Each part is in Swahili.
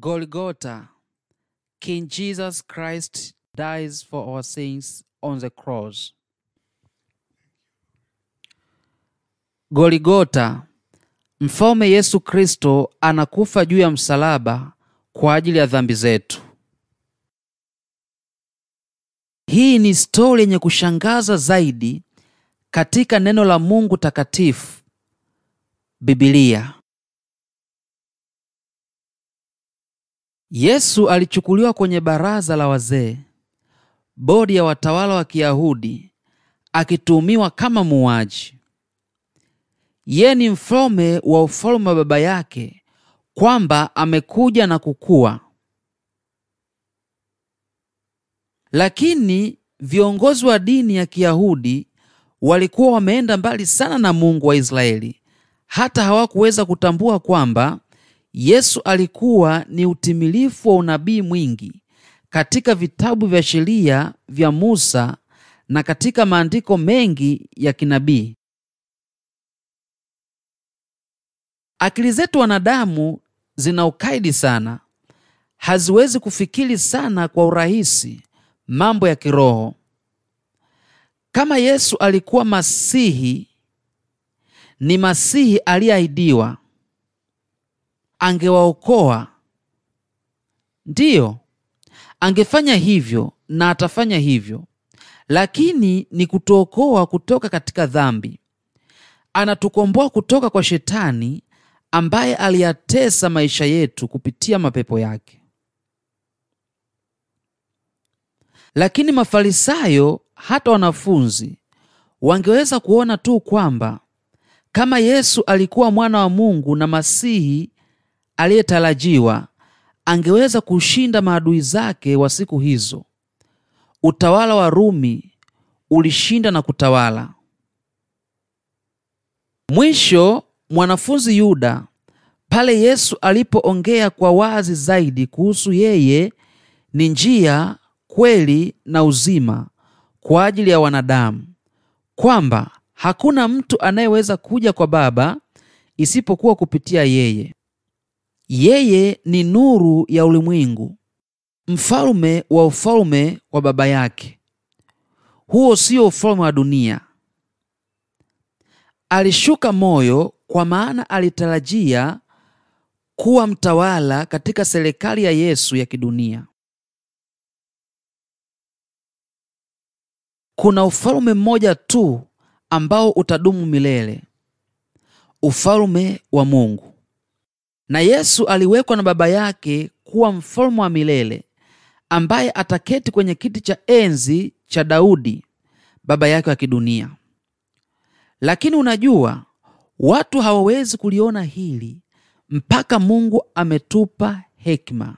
Golgotha, King Jesus Christ dies for our sins on the cross. Golgotha, Mfalme Yesu Kristo anakufa juu ya msalaba kwa ajili ya dhambi zetu. Hii ni stori yenye kushangaza zaidi katika neno la Mungu takatifu, Biblia. Yesu alichukuliwa kwenye baraza la wazee, bodi ya watawala wa Kiyahudi, akituhumiwa kama muuaji. Yeye ni mfalme wa ufalme wa baba yake, kwamba amekuja na kukua. Lakini viongozi wa dini ya Kiyahudi walikuwa wameenda mbali sana na Mungu wa Israeli, hata hawakuweza kutambua kwamba Yesu alikuwa ni utimilifu wa unabii mwingi katika vitabu vya sheria vya Musa na katika maandiko mengi ya kinabii. Akili zetu wanadamu zina ukaidi sana, haziwezi kufikiri sana kwa urahisi mambo ya kiroho. Kama Yesu alikuwa Masihi, ni Masihi aliyeahidiwa angewaokoa. Ndiyo, angefanya hivyo na atafanya hivyo, lakini ni kutuokoa kutoka katika dhambi. Anatukomboa kutoka kwa Shetani ambaye aliyatesa maisha yetu kupitia mapepo yake. Lakini Mafarisayo, hata wanafunzi, wangeweza kuona tu kwamba kama Yesu alikuwa mwana wa Mungu na Masihi aliyetarajiwa angeweza kushinda maadui zake wa siku hizo. Utawala wa Rumi ulishinda na kutawala. Mwisho, mwanafunzi Yuda, pale Yesu alipoongea kwa wazi zaidi kuhusu yeye ni njia, kweli na uzima kwa ajili ya wanadamu, kwamba hakuna mtu anayeweza kuja kwa Baba isipokuwa kupitia yeye. Yeye ni nuru ya ulimwengu, mfalme wa ufalme wa baba yake. Huo sio ufalme wa dunia. Alishuka moyo, kwa maana alitarajia kuwa mtawala katika serikali ya Yesu ya kidunia. Kuna ufalme mmoja tu ambao utadumu milele, ufalme wa Mungu. Na Yesu aliwekwa na Baba yake kuwa mfalme wa milele ambaye ataketi kwenye kiti cha enzi cha Daudi baba yake wa kidunia. Lakini unajua, watu hawawezi kuliona hili mpaka Mungu ametupa hekima.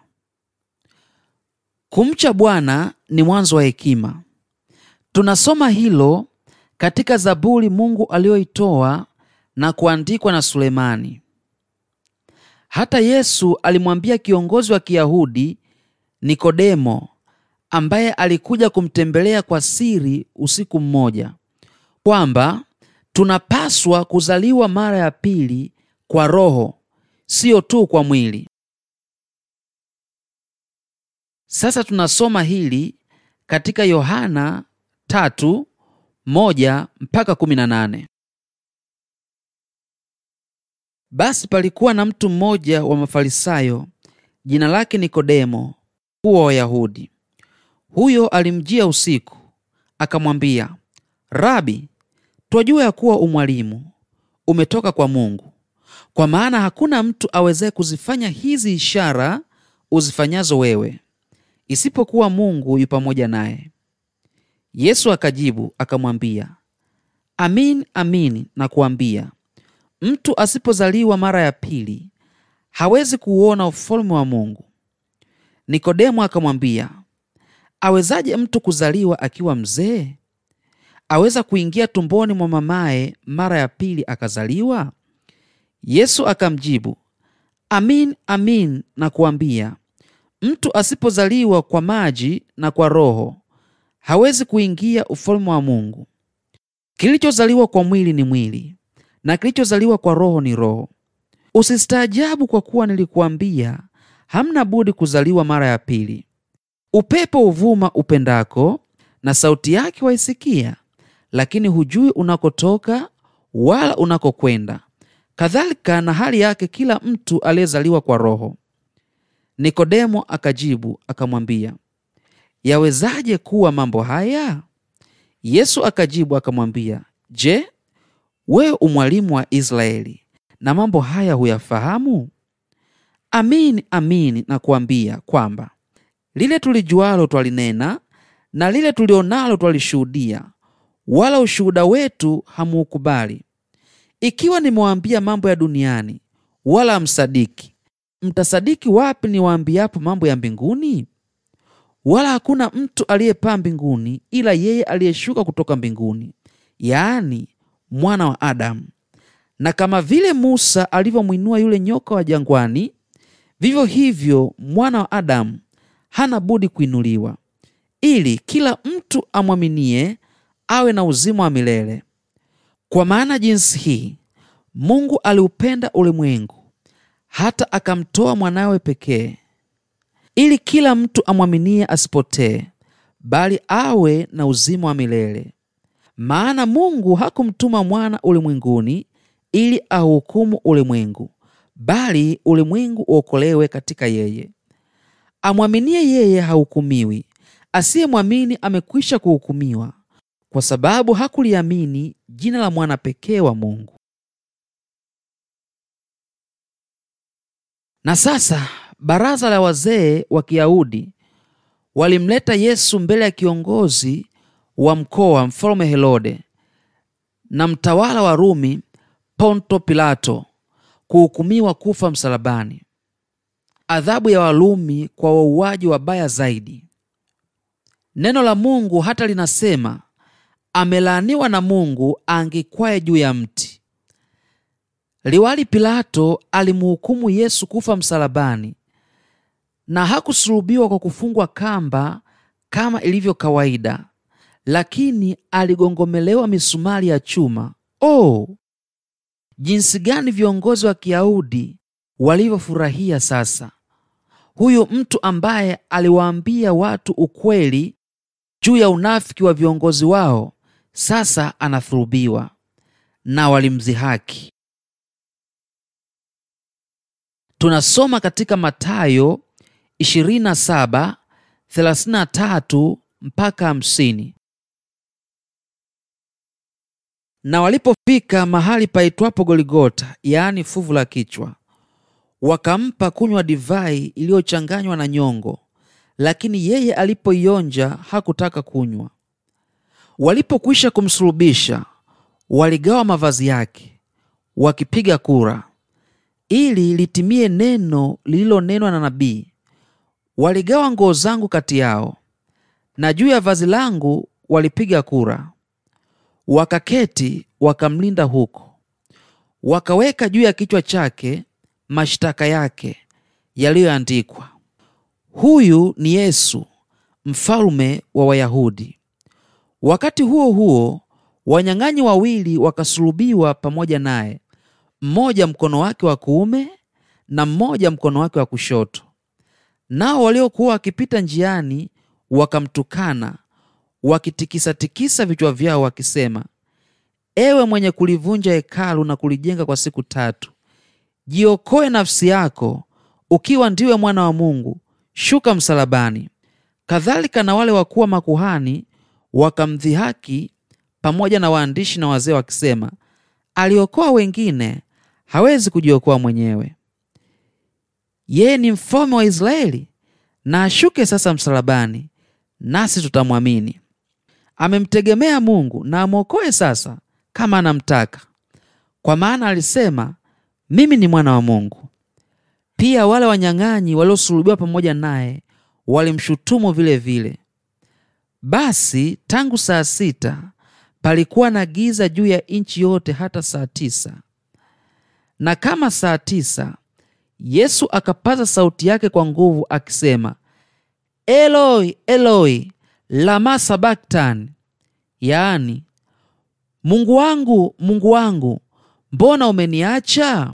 Kumcha Bwana ni mwanzo wa hekima. Tunasoma hilo katika Zaburi Mungu aliyoitoa na kuandikwa na Sulemani. Hata Yesu alimwambia kiongozi wa Kiyahudi Nikodemo, ambaye alikuja kumtembelea kwa siri usiku mmoja, kwamba tunapaswa kuzaliwa mara ya pili kwa Roho, siyo tu kwa mwili. Sasa tunasoma hili katika Yohana 3:1 mpaka basi palikuwa na mtu mmoja wa Mafarisayo, jina lake Nikodemo, kuwa Wayahudi. Huyo alimjia usiku akamwambia, Rabi, twajua ya kuwa umwalimu umetoka kwa Mungu, kwa maana hakuna mtu awezaye kuzifanya hizi ishara uzifanyazo wewe, isipokuwa Mungu yu pamoja naye. Yesu akajibu akamwambia, amin amin, nakuambia Mtu asipozaliwa mara ya pili hawezi kuuona ufalume wa Mungu. Nikodemo akamwambia, awezaje mtu kuzaliwa akiwa mzee? Aweza kuingia tumboni mwa mamaye mara ya pili akazaliwa? Yesu akamjibu, amin amin kuambia mtu asipozaliwa kwa maji na kwa Roho hawezi kuingia ufalume wa Mungu. Kilichozaliwa kwa mwili ni mwili, na kilichozaliwa kwa Roho ni roho. Usistaajabu kwa kuwa nilikuambia hamna budi kuzaliwa mara ya pili. Upepo uvuma upendako, na sauti yake waisikia, lakini hujui unakotoka wala unakokwenda. Kadhalika na hali yake kila mtu aliyezaliwa kwa Roho. Nikodemo akajibu akamwambia, yawezaje kuwa mambo haya? Yesu akajibu akamwambia, je, wewe umwalimu wa Israeli, na mambo haya huyafahamu? Amin, amin nakuambia kwamba lile tulijualo twalinena, na lile tulionalo twalishuhudia, wala ushuhuda wetu hamuukubali. Ikiwa nimewaambia mambo ya duniani, wala hamsadiki, mtasadiki wapi niwaambiapo mambo ya mbinguni? Wala hakuna mtu aliyepaa mbinguni ila yeye aliyeshuka kutoka mbinguni, yaani mwana wa Adamu. Na kama vile Musa alivyomwinua yule nyoka wa jangwani, vivyo hivyo mwana wa Adamu hana budi kuinuliwa, ili kila mtu amwaminie awe na uzima wa milele. Kwa maana jinsi hii Mungu aliupenda ulimwengu hata akamtoa mwanawe pekee, ili kila mtu amwaminie asipotee, bali awe na uzima wa milele. Maana Mungu hakumtuma mwana ulimwenguni ili ahukumu ulimwengu, bali ulimwengu uokolewe katika yeye. Amwaminie yeye hahukumiwi, asiyemwamini amekwisha kuhukumiwa, kwa sababu hakuliamini jina la mwana pekee wa Mungu. Na sasa baraza la wazee wa Kiyahudi walimleta Yesu mbele ya kiongozi wa mkoa mfalme Herode na mtawala wa Rumi Ponto Pilato kuhukumiwa kufa msalabani. Adhabu ya Warumi kwa wauaji wabaya zaidi. Neno la Mungu hata linasema amelaaniwa na Mungu angikwaye juu ya mti. Liwali Pilato alimhukumu Yesu kufa msalabani na hakusulubiwa kwa kufungwa kamba kama ilivyo kawaida, lakini aligongomelewa misumari ya chuma. Oh, jinsi gani viongozi wa Kiyahudi walivyofurahia sasa! Huyu mtu ambaye aliwaambia watu ukweli juu ya unafiki wa viongozi wao sasa anathurubiwa na walimdhihaki. Tunasoma katika Mathayo 27:33 mpaka 50. Na walipofika mahali paitwapo Goligota, yaani fuvu la kichwa, wakampa kunywa divai iliyochanganywa na nyongo, lakini yeye alipoionja hakutaka kunywa. Walipokwisha kumsulubisha, waligawa mavazi yake wakipiga kura, ili litimie neno lililonenwa na nabii, waligawa nguo zangu kati yao, na juu ya vazi langu walipiga kura. Wakaketi wakamlinda huko, wakaweka juu ya kichwa chake mashtaka yake yaliyoandikwa, huyu ni Yesu mfalume wa Wayahudi. Wakati huo huo, wanyang'anyi wawili wakasulubiwa pamoja naye, mmoja mkono wake wa kuume na mmoja mkono wake wa kushoto. Nao waliokuwa wakipita njiani wakamtukana wakitikisatikisa vichwa vyao wakisema, ewe mwenye kulivunja hekalu na kulijenga kwa siku tatu, jiokoe nafsi yako, ukiwa ndiwe mwana wa Mungu, shuka msalabani. Kadhalika na wale wakuwa makuhani wakamdhihaki pamoja na waandishi na wazee wakisema, aliokoa wengine, hawezi kujiokoa mwenyewe. Yeye ni mfalme wa Israeli, na ashuke sasa msalabani, nasi tutamwamini amemtegemea Mungu na amwokoe sasa kama anamtaka, kwa maana alisema, mimi ni mwana wa Mungu. Pia wale wanyang'anyi waliosulubiwa pamoja naye walimshutumu vile vile. Basi tangu saa sita palikuwa na giza juu ya nchi yote hata saa tisa. Na kama saa tisa Yesu akapaza sauti yake kwa nguvu akisema, Eloi, Eloi, lama baktan yaani Mungu wangu, Mungu wangu, mbona umeniacha?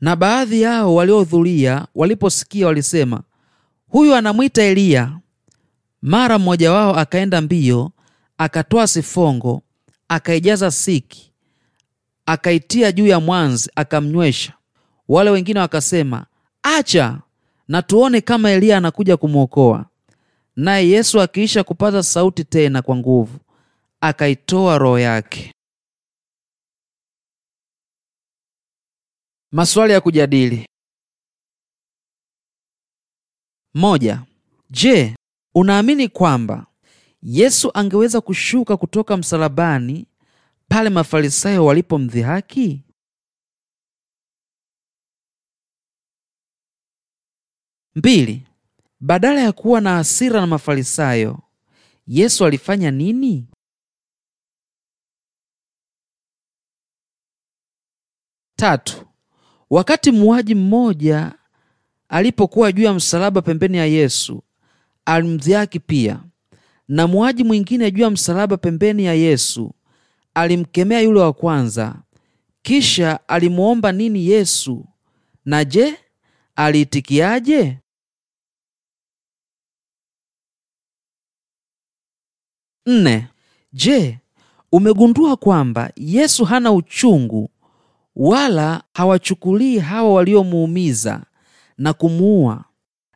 Na baadhi yao waliohudhuria waliposikia walisema, huyu anamwita Eliya. Mara mmoja wao akaenda mbio, akatoa sifongo, akaijaza siki, akaitia juu ya mwanzi, akamnywesha. Wale wengine wakasema, acha na tuone kama Eliya anakuja kumwokoa. Naye Yesu akiisha kupata sauti tena kwa nguvu, akaitoa roho yake. Maswali ya kujadili: moja. Je, unaamini kwamba Yesu angeweza kushuka kutoka msalabani pale Mafarisayo walipomdhihaki? Mbili. Badala ya kuwa na hasira na Mafarisayo, Yesu alifanya nini? Tatu, wakati muwaji mmoja alipokuwa juu ya msalaba pembeni ya Yesu, alimdhihaki pia, na muwaji mwingine juu ya msalaba pembeni ya Yesu alimkemea yule wa kwanza. Kisha alimwomba nini Yesu? Na je, aliitikiaje? Nne. Je, umegundua kwamba Yesu hana uchungu wala hawachukulii hawa waliomuumiza na kumuua,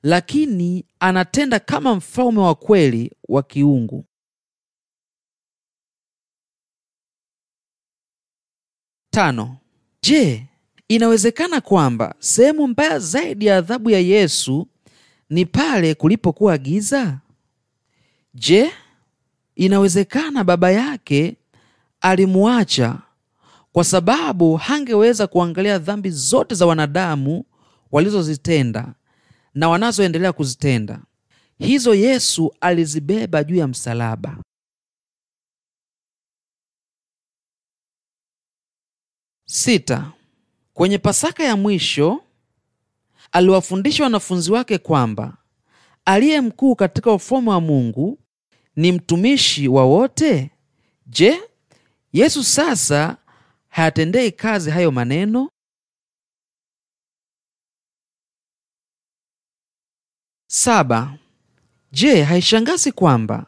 lakini anatenda kama mfalme wa kweli wa kiungu. Tano. Je, inawezekana kwamba sehemu mbaya zaidi ya adhabu ya Yesu ni pale kulipokuwa giza? Je, Inawezekana baba yake alimuacha kwa sababu hangeweza kuangalia dhambi zote za wanadamu walizozitenda na wanazoendelea kuzitenda. Hizo Yesu alizibeba juu ya msalaba. Sita, kwenye Pasaka ya mwisho aliwafundisha wanafunzi wake kwamba aliye mkuu katika ufalme wa Mungu ni mtumishi wa wote? Je, Yesu sasa hayatendei kazi hayo maneno? Saba. Je, haishangazi kwamba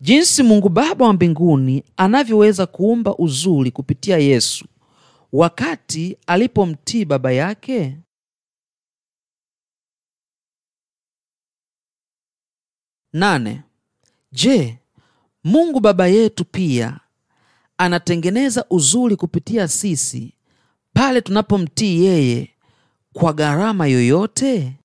jinsi Mungu Baba wa mbinguni anavyoweza kuumba uzuri kupitia Yesu wakati alipomtii Baba yake? Nane. Je, Mungu Baba yetu pia anatengeneza uzuri kupitia sisi pale tunapomtii yeye kwa gharama yoyote?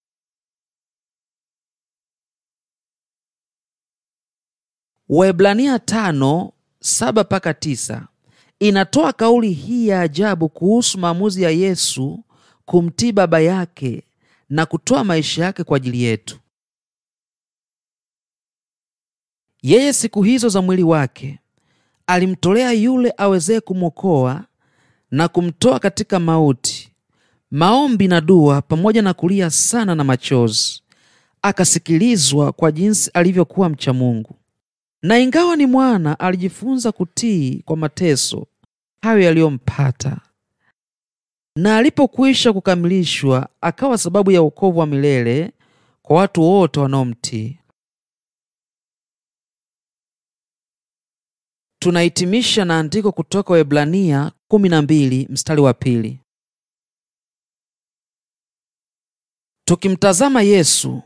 Waebrania tano saba mpaka tisa inatoa kauli hii ya ajabu kuhusu maamuzi ya Yesu kumtii Baba yake na kutoa maisha yake kwa ajili yetu. Yeye siku hizo za mwili wake alimtolea yule awezeye kumwokoa na kumtoa katika mauti, maombi na dua, pamoja na kulia sana na machozi, akasikilizwa kwa jinsi alivyokuwa mcha Mungu. Na ingawa ni mwana, alijifunza kutii kwa mateso hayo yaliyompata, na alipokwisha kukamilishwa, akawa sababu ya ukovu wa milele kwa watu wote wanaomtii. Tunahitimisha na andiko kutoka Waebrania 12 mstari wa pili. Tukimtazama Yesu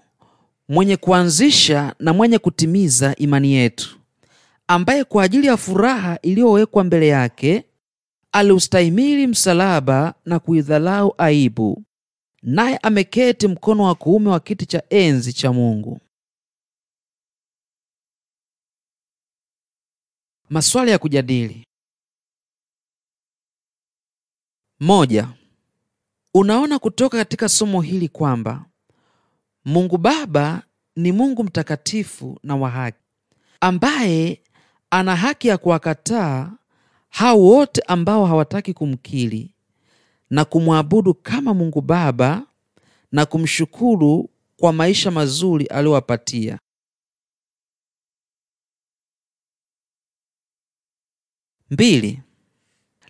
mwenye kuanzisha na mwenye kutimiza imani yetu, ambaye kwa ajili ya furaha iliyowekwa mbele yake aliustahimili msalaba na kuidhalau aibu, naye ameketi mkono wa kuume wa kiti cha enzi cha Mungu. Maswali ya kujadili. Moja, unaona kutoka katika somo hili kwamba Mungu Baba ni Mungu mtakatifu na wa haki ambaye ana haki ya kuwakataa hao wote ambao hawataki kumkiri na kumwabudu kama Mungu Baba na kumshukuru kwa maisha mazuri aliyowapatia. Mbili,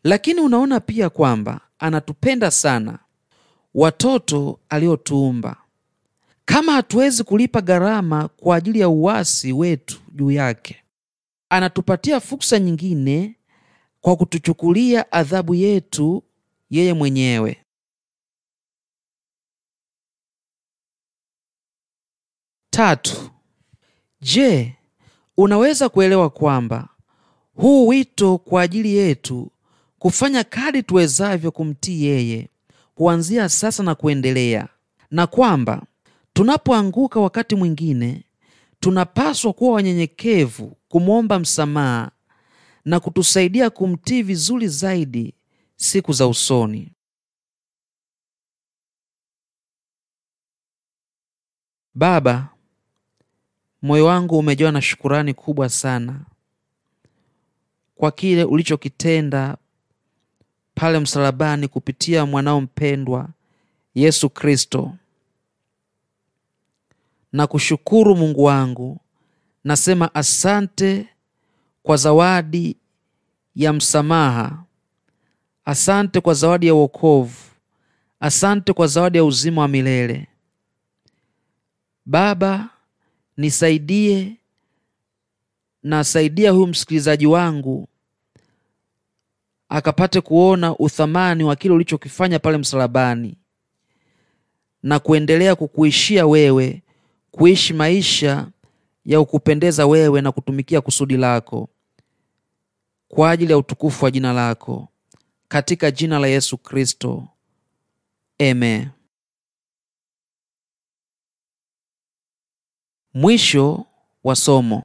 lakini unaona pia kwamba anatupenda sana watoto aliotuumba. Kama hatuwezi kulipa gharama kwa ajili ya uwasi wetu juu yake, anatupatia fursa nyingine kwa kutuchukulia adhabu yetu yeye mwenyewe. Tatu, je, unaweza kuelewa kwamba huu wito kwa ajili yetu kufanya kadi tuwezavyo kumtii yeye kuanzia sasa na kuendelea, na kwamba tunapoanguka wakati mwingine tunapaswa kuwa wanyenyekevu kumwomba msamaha na kutusaidia kumtii vizuri zaidi siku za usoni. Baba, moyo wangu umejawa na shukurani kubwa sana kwa kile ulichokitenda pale msalabani kupitia mwanao mpendwa Yesu Kristo. Na kushukuru Mungu wangu, nasema asante kwa zawadi ya msamaha, asante kwa zawadi ya wokovu, asante kwa zawadi ya uzima wa milele. Baba, nisaidie, nasaidia huyu msikilizaji wangu akapate kuona uthamani wa kile ulichokifanya pale msalabani na kuendelea kukuishia wewe, kuishi maisha ya ukupendeza wewe na kutumikia kusudi lako kwa ajili ya utukufu wa jina lako, katika jina la Yesu Kristo, amen. Mwisho wa somo.